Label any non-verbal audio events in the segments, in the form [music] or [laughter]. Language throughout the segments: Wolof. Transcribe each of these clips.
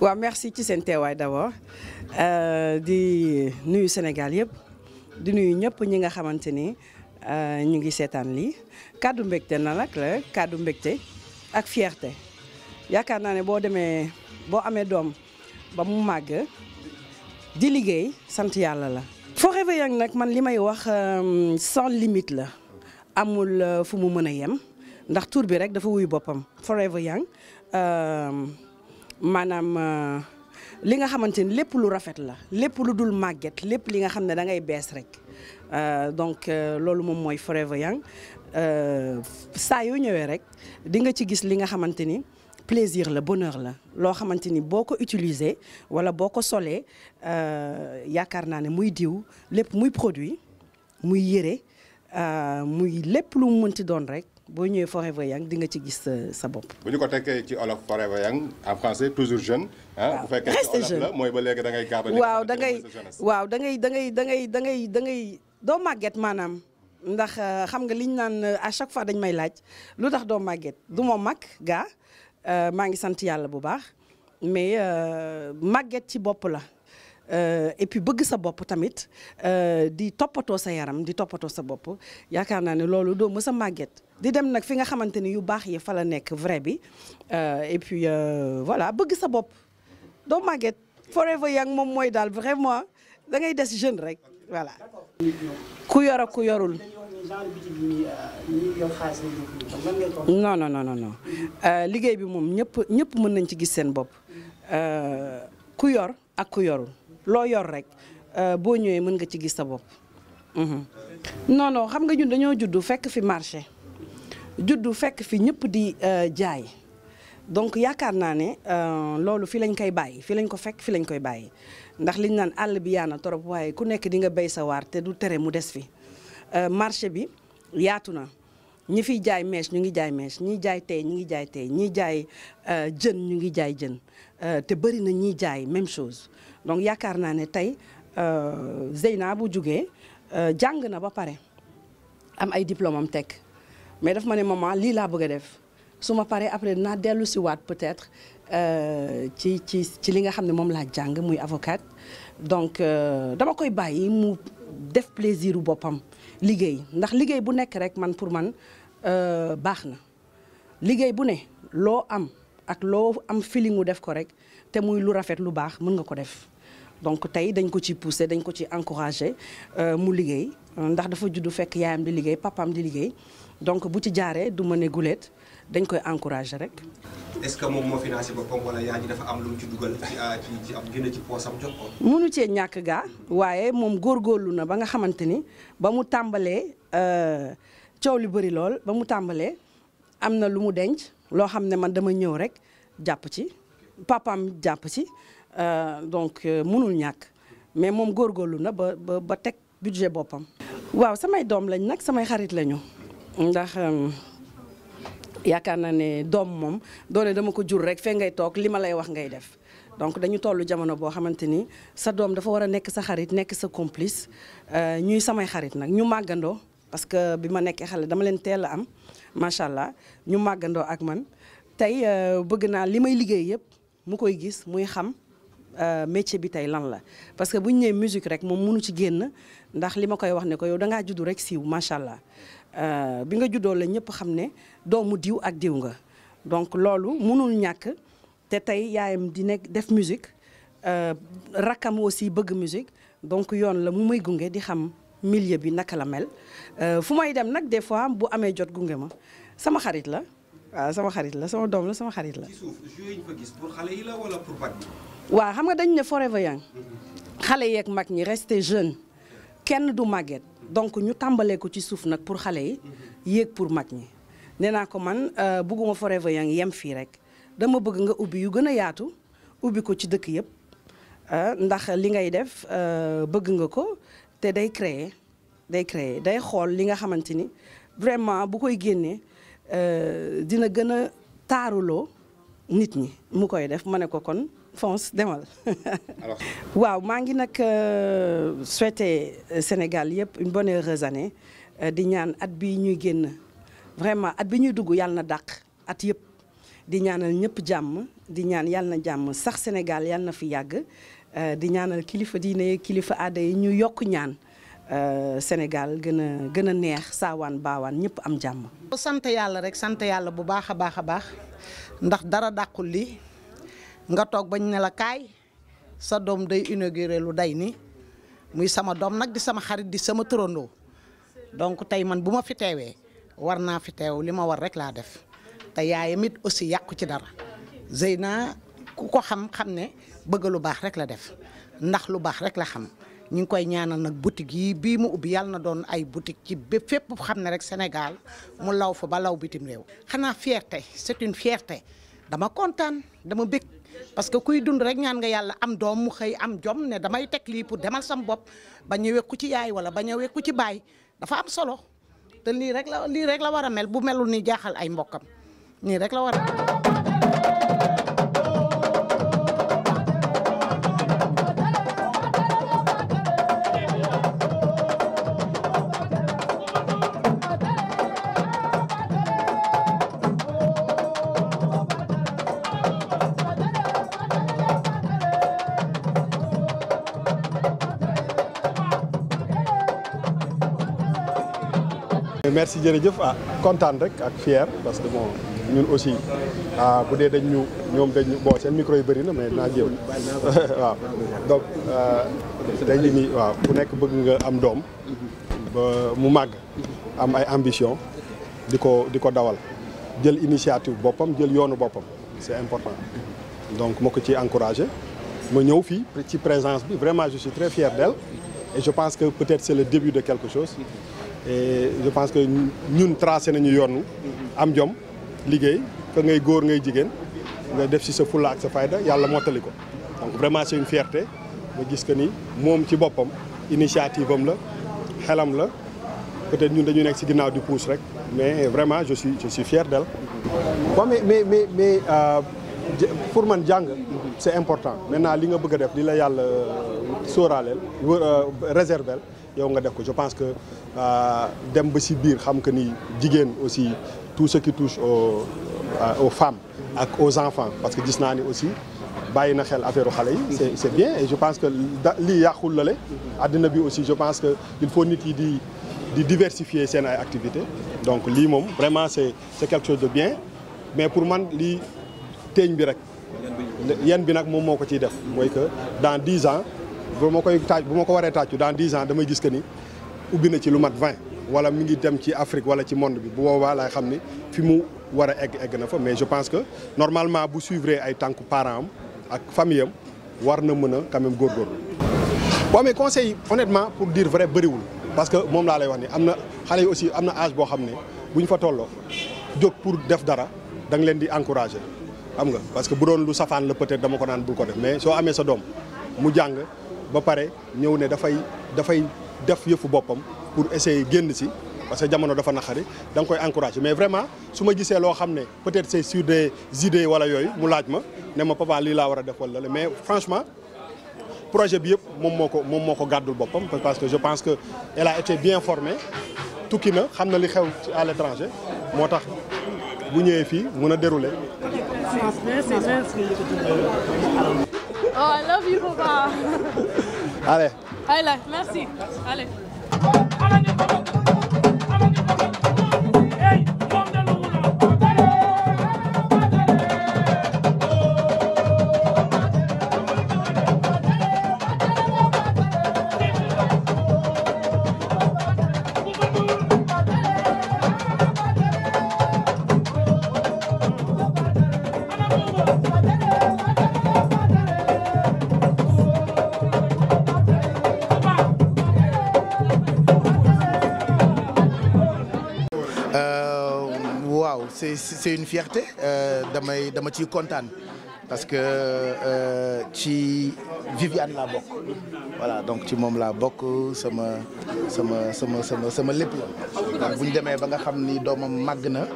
waa merci ci seen teewaay d'abord euh, di nuyu Sénégal yëpp di nuyu ñëpp ñi nga xamante ni euh, ñu ngi seetaan lii kàddu mbégte na nag la kàddu mbégte ak fierte yaakaar naa ne boo demee boo amee doom ba mu màgg di liggéey sant yàlla la. Forever Young nag man li may wax euh, sans limite la amul fu mu mën a yem ndax tuur bi rek dafa wuy boppam Forever Young. maanaam euh, li nga xamante ni lépp lu rafet la lépp lu dul màgget lépp li nga xam ne da ngay bees rek euh, donc euh, loolu moom mooy Forever Young saa yoo ñëwee rek di nga ci gis li nga xamante ni plaisir la boneur la loo xamante ni boo ko utiliser wala boo ko solee yaakaar naa ne muy diw lépp muy produit muy yére muy lépp lu mu mënti doon rek. boo ñëwee Forever Young di nga ci gis euh, sa bopp. bu ñu ko tekkee ci olof Forever Young en français toujours jeune. mooy ba léegi da ngay gàddu. waaw da ngay waaw da ngay da da ngay da doo màgget maanaam. ndax euh, xam nga liñ naan euh, à chaque fois dañ may laaj lu tax doo màgget du moo mag gaa maa ngi sant yàlla bu baax mais màgget ci bopp la. Euh, et puis bëgg sa bopp tamit euh, di toppatoo sa yaram di toppatoo sa bopp yaakaar naa ne loolu doo mës a màgget di dem nag fi nga xamante ni yu baax yi fa la nekk vrai bi euh, et puis euh, voilà bëgg sa bopp doo màgget forever young moom mooy daal vraiment dangay des jeune rek voilà. ku yor a ku yorul. non non non non euh, liggéey bi moom ñëpp ñëpp mën nañ ci gis seen bopp ku yor ak ku yorul loo yor rek boo ñëwee mën nga ci gis sa bopp. Mhm. non non xam nga ñun dañoo juddu fekk fi marché. juddu fekk fi ñëpp di euh, jaay donc yaakaar naa ne euh, loolu fi lañ koy bàyyi fi lañ ko fekk fi lañ koy bàyyi ndax liñ naan àll bi na torop waaye ku nekk di nga béy sa waar te du tere mu des fi euh, marché bi yaatu na ñi fiy jaay mèche ñu ngi jaay mèche ñiy jaay tey ñu ngi jaay tey ñiy jaay jën ñu ngi jaay jën te bëri na ñiy jaay même chose donc yaakaar naa ne tey Zeyna bu jugee jàng na ba pare am ay diplôme am tekk mais dafa ma ne maman lii laa bëgg a def su ma paree après dinaa dellu si waat peut euh, ci ci ci li nga xam ne moom laa jàng muy avocate donc euh, dama koy bàyyi mu def plaisir boppam liggéey ndax liggéey bu nekk rek man pour man euh, baax na liggéey bu ne loo am ak loo am feeling def ko rek te muy lu rafet lu baax mën nga ko def donc tey dañ ko ci poussé dañ ko ci encouragé mu liggéey ndax dafa juddu fekk yaayam di liggéey papaam di liggéey donc bu ci jaaree du ma ne guleet dañ koy encourager rek. est moom moo financé boppam wala yaa ji dafa am lu mu ci dugal ci ah, am génn ci poosam jox munu cee ñàkk gaa waaye moom góorgóorlu na ba nga xamante ni ba mu tàmbalee euh, coow li bëri lool ba mu tàmbalee am na lu mu denc loo xam ne man dama ñëw rek jàpp ci papaam jàpp ci euh, donc euh, munul ñàkk mais moom góorgóorlu na ba ba ba teg budget boppam. waaw samay doom lañ nag samay xarit lañu. ndax yaakaar naa ne doom moom doone dama ko jur rek fee ngay toog li ma lay wax ngay def donc dañu toll jamono boo xamante ni sa doom dafa war a nekk sa xarit nekk sa complice euh, ñuy samay xarit nag ñu màggandoo parce que bi ma nekkee xale dama leen teel a am macha allah ñu màggandoo ak man tey euh, bëgg naa li may liggéey yëpp mu koy gis muy xam euh, métier bi tey lan la parce que bu ñu nee musique rek moom mënu ci génn ndax li ma koy wax ne ko yow da ngaa juddu rek siiw macha allah Euh, bi nga juddoo la ñëpp xam ne doomu diw ak diw nga donc loolu mënul ñàkk te tey yaayam di nekk def musique euh, rakkam aussi bëgg musique donc yoon la mu may gunge di xam milieu bi naka la mel euh, fu may dem nag des fois bu amee jot gunge ma sama xarit la waaw sama xarit la sama doom la sama xarit la. waaw xam nga dañ ne forever young xale yeeg mag ñi rester jeune kenn du màgget. donc ñu tàmbalee ko ci suuf nag pour xale yi yéeg pour mag ñi nee naa ko man euh, bugguma forever yang yem fii rek dama bëgg nga ubbi yu gën a yaatu ubbi ko ci dëkk yëpp euh, ndax li ngay def euh, bëgg nga ko te day créer day créer day xool li nga xamante ni vraiment bu koy génnee dina gën a taaruloo nit ñi mu koy def ma ne ko kon fonce demal. [laughs] waaw maa ngi nag euh, souhaiter euh, Sénégal yëpp une bonne euh, di ñaan at bi ñuy génn vraiment at bi ñuy dugg yàlla na dàq at yëpp di ñaanal ñëpp jàmm di ñaan yàlla na jàmm sax Sénégal yàlla na fi yàgg di ñaanal kilifa diine kilifa aada yi ñu yokk ñaan. Sénégal gën a gën a neex saawaan baawaan ñëpp am jàmm. sant yàlla rek sant yàlla bu baax a baax a baax. ndax dara dàqul li nga toog bañ ne la kaay sa doom day inauguré lu day ni muy sama doom nag di sama xarit di sama turandoo donc tey man bu ma fi teewee war naa fi teew li ma war rek laa def te yaayam it aussi yàqu ci dara Zeyna ku ko xam xam ne bëgg lu baax rek la def ndax lu baax rek la xam ñu ngi koy ñaanal nag boutique yi bii mu ubbi yàlla na doon ay boutique ci bépp fépp xam ne rek Sénégal mu law fa ba law bitim réew. xanaa fierté c'est une fierté dama kontaan dama bëgg parce que kuy dund rek ñaan nga yàlla am doom mu xëy am jom ne damay teg lii pour demal sam bopp ba ñëwee ci yaay wala ba ñëwee ci baay dafa am solo te lii rek la lii rek la war a mel bu melul ni jaaxal ay mbokkam nii rek la war merci jërëjëf ah kontaan rek ak fier parce que bon ñun aussi ah bu dee dañ ñu ñoom dañ ñu seen micro yu bëri na mais naa jéem [laughs] waaw donc dañu euh, ni waaw bu nekk bëgg nga am doom ba mu màgg am ay ambition di ko di ko dawal jël initiative boppam jël yoonu boppam c'est important donc ma ko ci encouragé ma ñëw fii ci présence bi vraiment je suis très fier d'elle et je pense que peut-être c'est le début de quelque chose je pense que ñun tracé nañu yoon am jom liggéey que ngay góor ngay jigéen nga def si sa fulla ak sa fayda yàlla mottali ko donc vraiment su une fierté ma gis que ni moom ci boppam initiative am la xelam la peut-être ñun dañu nekk ci ginnaaw di pousse rek mais vraiment je suis je suis mais mais euh, pour man jàng. c'est important maintenant li nga bëgg a def li la yàlla euh, sóoraaleel euh, réserveel yow nga def ko je pense que euh, dem ba si biir xam que ni jigéen aussi tout ce qui touche aux euh, aux femmes ak aux enfants parce que gis naa ni aussi bàyyi na xel affaire xale yi c'est c'est bien et je pense que lii yàqul la le àddina bi aussi je pense que il faut nit yi di di diversifier seen ay activités donc lii moom vraiment c'est c'est quelque chose de bien mais pour man lii teeñ bi rek yan bi nag moom moo ko ciy def mooy que dans dix ans bu ma koy tàcc bu ma ko waree tàccu dans dix an damay gis que ni ubbi na ci lu mat vingt wala mu ngi dem ci Afrique wala ci monde bi bu boobaa laay xam ni fi mu war a egg egg na fa mais je pense que normalement bu suivre ay tànku parents am ak famille am war na mën a quand góor góorgóorlu. amee mais conseil yi pour dire vrai bëriwul parce que moom laa lay wax ni am na xale yi aussi am na âge boo xam ne bu ñu fa tolloo jóg pour def dara da leen di encourager am nga parce que bu doon lu safaan la peut dama ko naan bul ko def mais soo sa doom mu jàng. ba pare ñëw ne dafay dafay def yëfu boppam pour essayer génn si parce que jamono dafa naqari da nga koy encourager mais vraiment su ma gisee loo xam ne peut-être c'est sur des idées wala yooyu mu laaj ma ne ma papa lii laa war a def la la mais franchement projet bi yëpp moom moo ko moom moo ko gàddul boppam parce que je pense que elle a été bien forme tukki na xam na li xew ci à moo tax bu ñëwee fii mun a dérouler. Oh, I love you, papa. Allez. Allez, merci. Allez. c'est c'est une fierté euh, damay dama ciy kontaan parce que euh, ci Viviane laa bokk voilà donc ci moom laa bokk sama sama sama sama sama lépp bu ñu demee ba nga xam ni doomam màgg na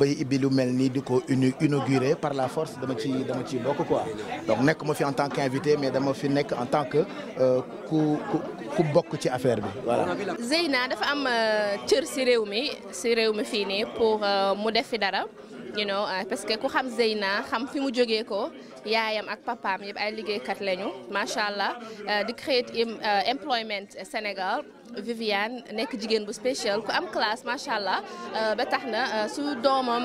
bay ibbi lu mel nii di ko inauguré par la force dama ci dama ci bokk quoi donc nekk ma fi en tant qu'invité mais dama fi nekk en tant que euh, ku ku ku bokk ci affaire bi voilà. Zeyna dafa am euh, cër si réew mi si réew mi fii nii pour euh, mu def fi dara. you know euh, parce que ku xam Zeyna xam fi mu jógee ko yaayam ak papaam yëpp ay liggéeykat lañu macha allah di create employment Sénégal Viviane nekk jigéen bu spécial ku am classe macha allah ba tax na su doomam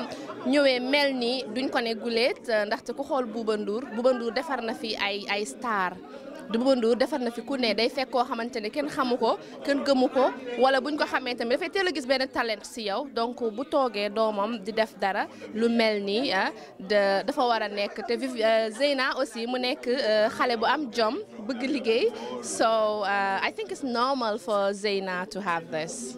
ñëwee mel ni duñ ko ne guleet ndaxte ku xool Bouba Ndour Bouba defar na fi ay ay star du Ndour defar na fi ku ne day fekk koo xamante ne kenn xamu ko kenn gëmu ko wala ñu ko xamee tamit dafay teel a gis benn talent si yow donc bu toogee doomam di def dara lu mel nii ah, dafa war a nekk te vi euh, Zeyna aussi mu nekk euh, xale bu am jom bëgg liggéey so euh, I think it's normal for Zeyna to have this.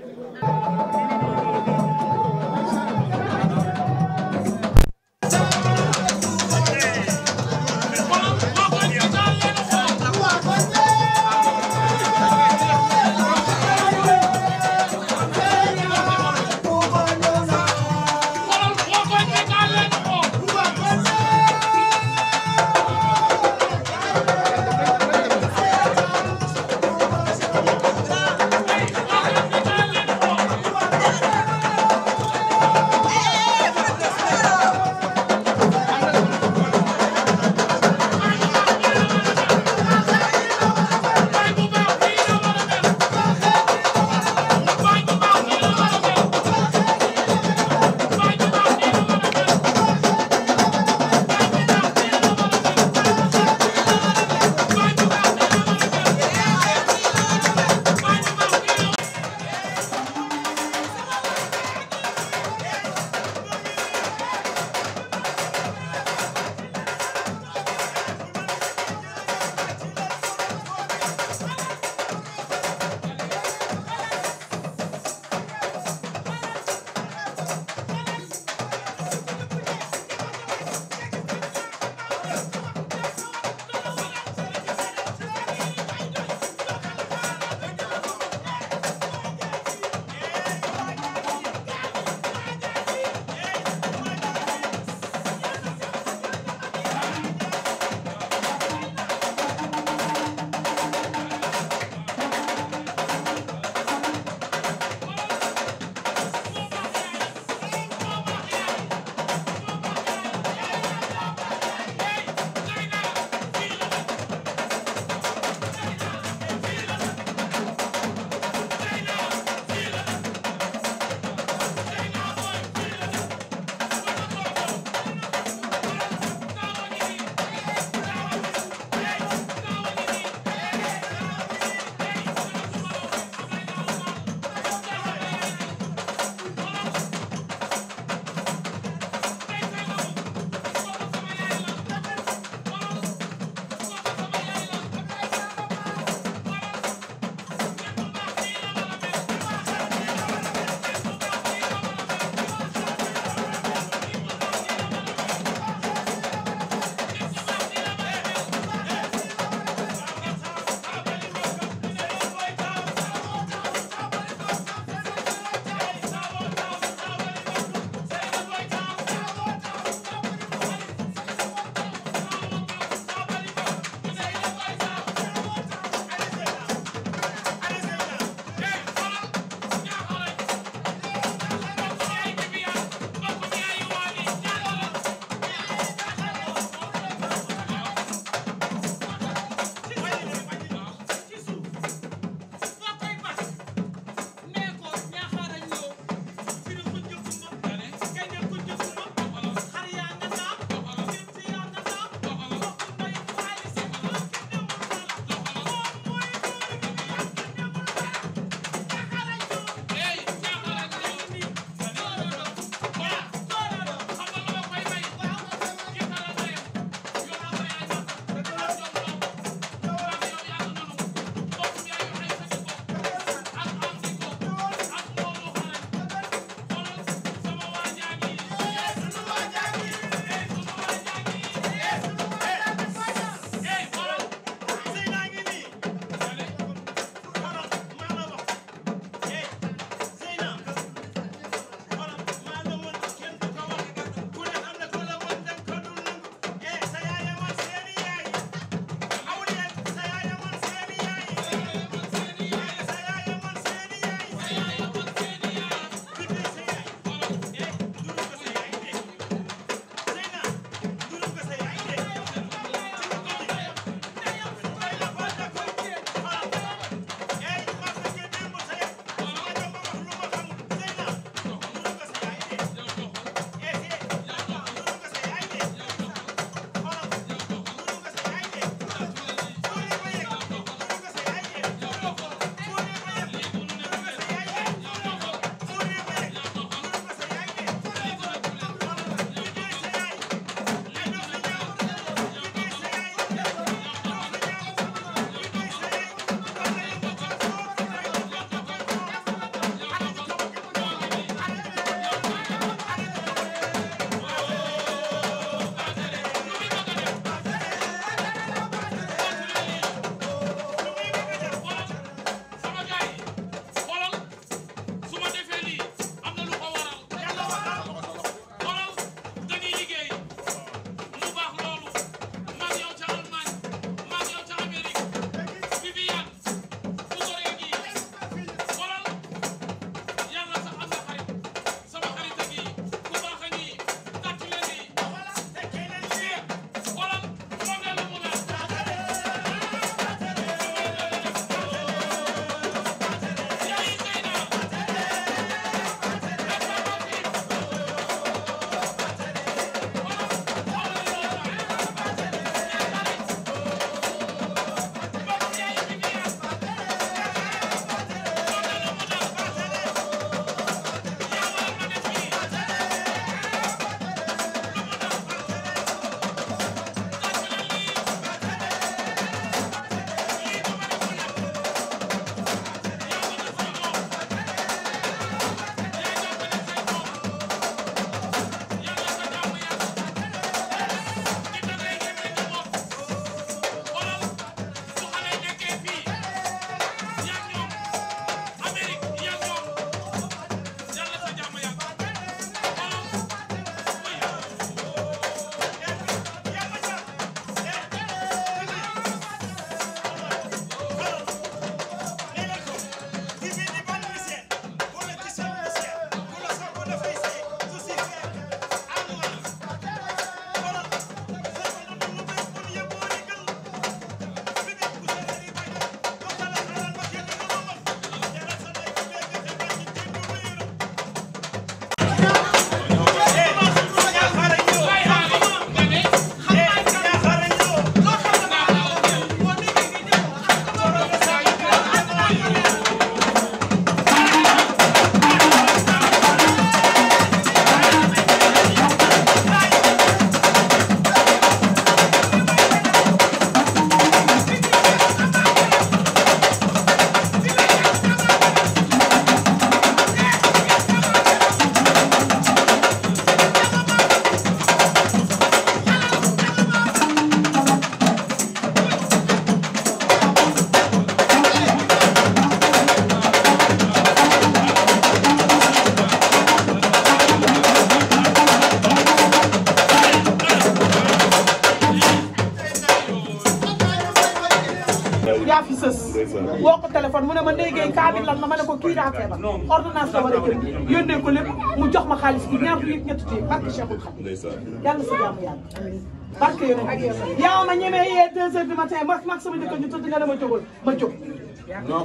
fi sës woo mu ne ma ndéygéey kaa bi lan ma ne ko kii daa feebar ordonnance la war a jël ko lépp mu jox ma xaalis bi ñaar fukki ñetti téye barke Cheikhul Khadim yàlla sa jàmm yàlla barke yéen ak yow ma ñemee yee deux heures du matin ma mag sama jëkkër ñu tëdd nga ne ma jógal ma jóg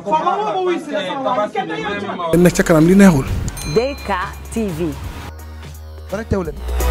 foo ma woo ma wuy si la sama waa kenn nag ca kanam li neexul DK